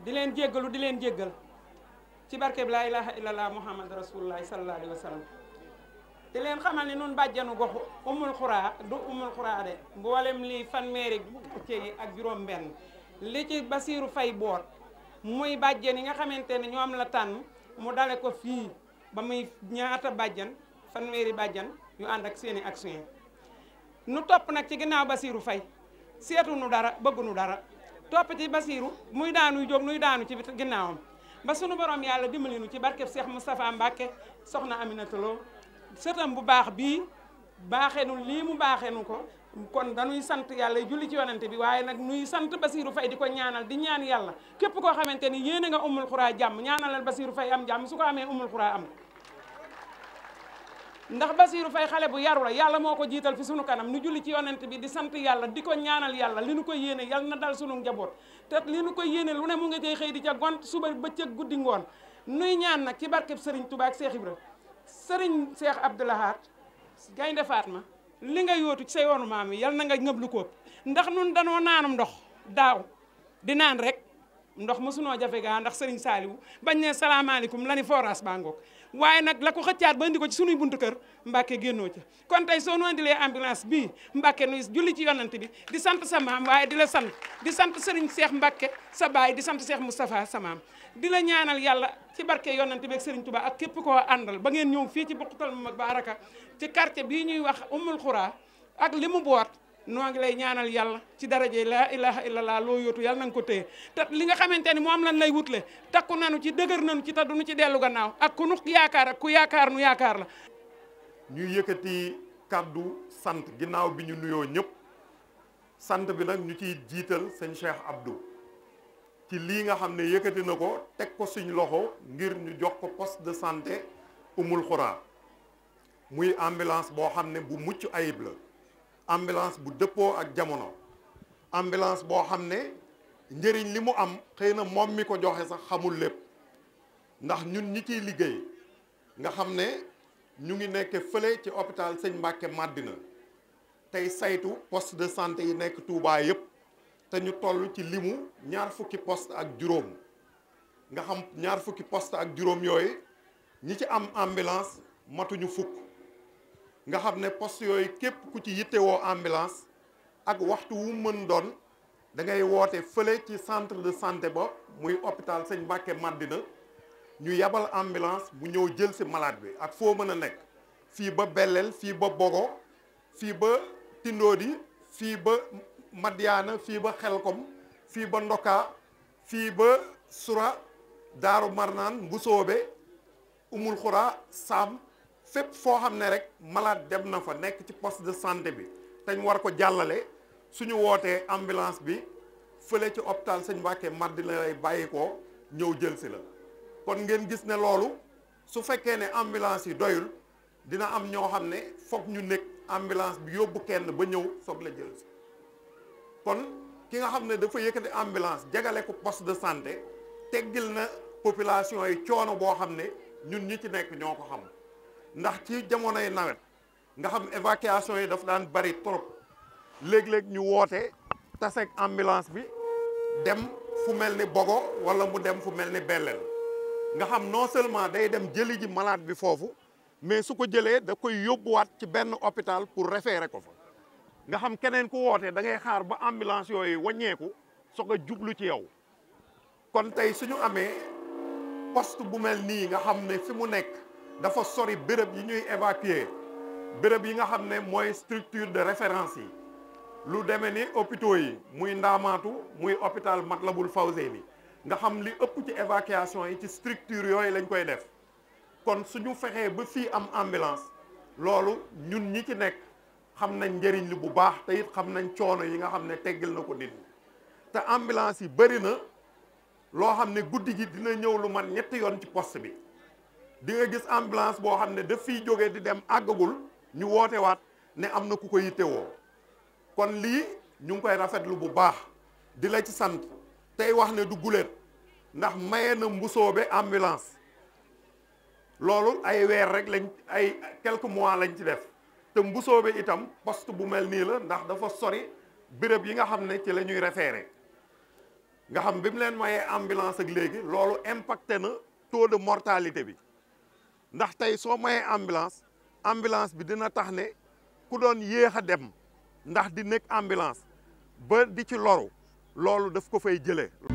di leen jéggalu di leen jéggal ci barke bi laa ilaha illallah muhammad rasulullahi sallallahu alayhi di leen xamal ni nun bàjjanu goxu umul xuraa du umul xuraa de mboolem lii fanweeri quartier yi ak juróom benn li ci basiiru fay boot muy bàjjen yi nga xamante ne ñoom la tànn mu dale ko fii ba muy ñaata bàjjan fanweeri bàjjan yu ànd ak seeni action nu topp nag ci ginnaaw basiiru fay seetu nu dara bëggu nu dara toppati Basiiru muy daanu jóg nuy daanu ci ginnaawam ba sunu borom yàlla dimbali nu ci barkeb Cheikh Moustapha Mbacke soxna Aminata Lo sëtam bu baax bii baaxee nu lii mu baaxee nu ko kon dañuy sant yàlla julli ci yonante bi waaye nag nuy sant Basiiru Fay di ko ñaanal di ñaan yàlla képp koo xamante ni yéene nga umul xuraa jàmm ñaanalal Basiiru Fay am jàmm su ko amee umul xuraa am ndax Basiiru Fay xale bu yaru la yàlla moo ko jiital fi sunu kanam nu julli ci yonent bi di sant yàlla di ko ñaanal yàlla li nu ko yéene yàlla na dal sunu njaboot te li nu ko yéene lu ne mu ngi cay xëy di ca gont suba bëccëg guddi ngoon nuy ñaan nag ci barkeb sëriñ Touba seex Cheikh Ibra Serigne Cheikh Abdou Lahad Gaynde ma li nga yootu ci sa yoonu maam yi yal na nga ngëb lu ko ndax nun danoo naanum ndox daaw di naan rek ndox sunoo jafe gaa ndax Serigne Saliou bañ ne salaamaaleykum la ni forage baa waaye nag la ko xëccaat ba indi ko ci sunuy buntu kër mbàkke génnoo ca kon tey soo nu andilee ambulance bii mbàkke nuy julli ci yonante bi di sant sa maam waaye di la sant di sant sëriñ seex mbàkke sa baay di sant seex moustapha sa maam di la ñaanal yàlla ci barke yonnanti bi ak sëriñ tuba ak képp koo àndal ba ngeen ñëw fii ci bokkutal mu mag baaraka ci quartier bii ñuy wax umul xuraa ak li mu boot no ngi lay ñaanal yalla ci daraje la ilaha illallah lo yotu yalla nang ko tey ta li nga xamanteni mo am lan lay wutle takku nanu ci deugar nanu ci te duñu ci delu gannaaw ak ku nu yaakar ak ku yaakar nu yaakar la ñu yëkëti kaddu sant ginnaaw bi ñu nuyo ñëpp sant bi nak ñu ci jital sëñ Cheikh Abdou ci li nga xamne ne nako tek ko teg suñ loxo ngir ñu jox ko poste de santé umul xuraa muy ambulance bo xamne bu muccu ayib la ambulance bu dëppoo ak jamono ambulance boo xam ne njëriñ li mu am xëy na moom mi ko joxe sax xamul lépp ndax ñun ñi ciy liggéey nga xam ne ñu ngi nekk fële ci hôpital Sëñ Mbàkke Madina tey saytu post de santé yi nekk Touba yëpp te ñu toll ci limu ñaar fukki poste ak juróom nga xam ñaar fukki poste ak juróom yooyu ñi ci am ambulance matuñu fukk nga xam ne poste yooyu képp ku ci yittewoo ambulance ak waxtu wu mën doon da ngay woote fële ci centre de santé ba muy hôpital Sëñ Mbàkke Madina ñu yabal ambulance bu ñëw jël si malade bi ak foo mën a nekk fii ba Belel fii ba Bogo fii ba Tindoodi fii ba Madiana fii ba Xelkom fii ba Ndoka fii ba Sura Daaru Marnaan Mbusoobe Umul Xura Saam fépp foo xam ne rek malaat dem na fa nekk ci poste de santé bi te ñu war ko jàllale suñu wootee ambulance bi fële ci hôpital Sëñ Mbàkke mardi la lay bàyyi ko ñëw jël si la kon ngeen gis ne loolu su fekkee ne ambulance yi doyul dina am ñoo xam ne foog ñu nekk ambulance bi yóbbu kenn ba ñëw soog la jël si kon ki nga xam ne dafa yëkkati ambulance jagale ko poste de santé teggil na population yi coono boo xam ne ñun ñi ci nekk ñoo ko xam ndax ci jamonoy nawet nga xam évacuation yi dafa daan bari trop léeg-léeg ñu woote taseeg ambulance bi dem fu mel ni Bogo wala mu dem fu mel ni Bellel nga xam non seulement day dem jëli ji malade bi foofu mais su ko jëlee da koy yóbbuwaat ci benn hôpital pour référer ko fa nga xam keneen ku wootee da ngay xaar ba ambulance yooyu wàññeeku soog a jublu ci yow kon tey suñu amee poste bu mel nii nga xam ne fi mu nekk dafa sori béréb yi ñuy évacuer béréb yi nga xam ne mooy structure de référence yi lu demee ni hôpitaux yi muy ndaamaatu muy hôpital matlabul Matlaboul bi nga xam li ëpp ci évacuation yi ci structure yooyu lañ koy def kon suñu fexee ba fii am ambulance loolu ñun ñi ci nekk xam nañ njëriñ li bu baax te it xam nañ coono yi nga xam ne teggal na ko nit ñi te ambulance yi bëri na loo xam ne guddi gi dina ñëw lu man ñetti yoon ci poste bi di nga gis ambulance boo xam ne daf fiy jóge di dem àggagul ñu woote waat ne am na ku ko yittewoo kon lii ñu ngi koy rafetlu bu baax di la ci sant tey wax ne du guléet ndax maye na mbusoobe ambulance loolu ay weer rek lañ ay quelques mois lañ ci def te mbusoobe itam poste bu mel nii la ndax dafa sori béréb yi nga xam ne ci la ñuy référé nga xam bi mu leen mayee ambulance ak léegi loolu impacté na taux de mortalité bi ndax tey soo mayee ambulance ambulance bi dina tax ne ku doon yéex a dem ndax di nekk ambulance ba di ci loru loolu daf ko fay jëlee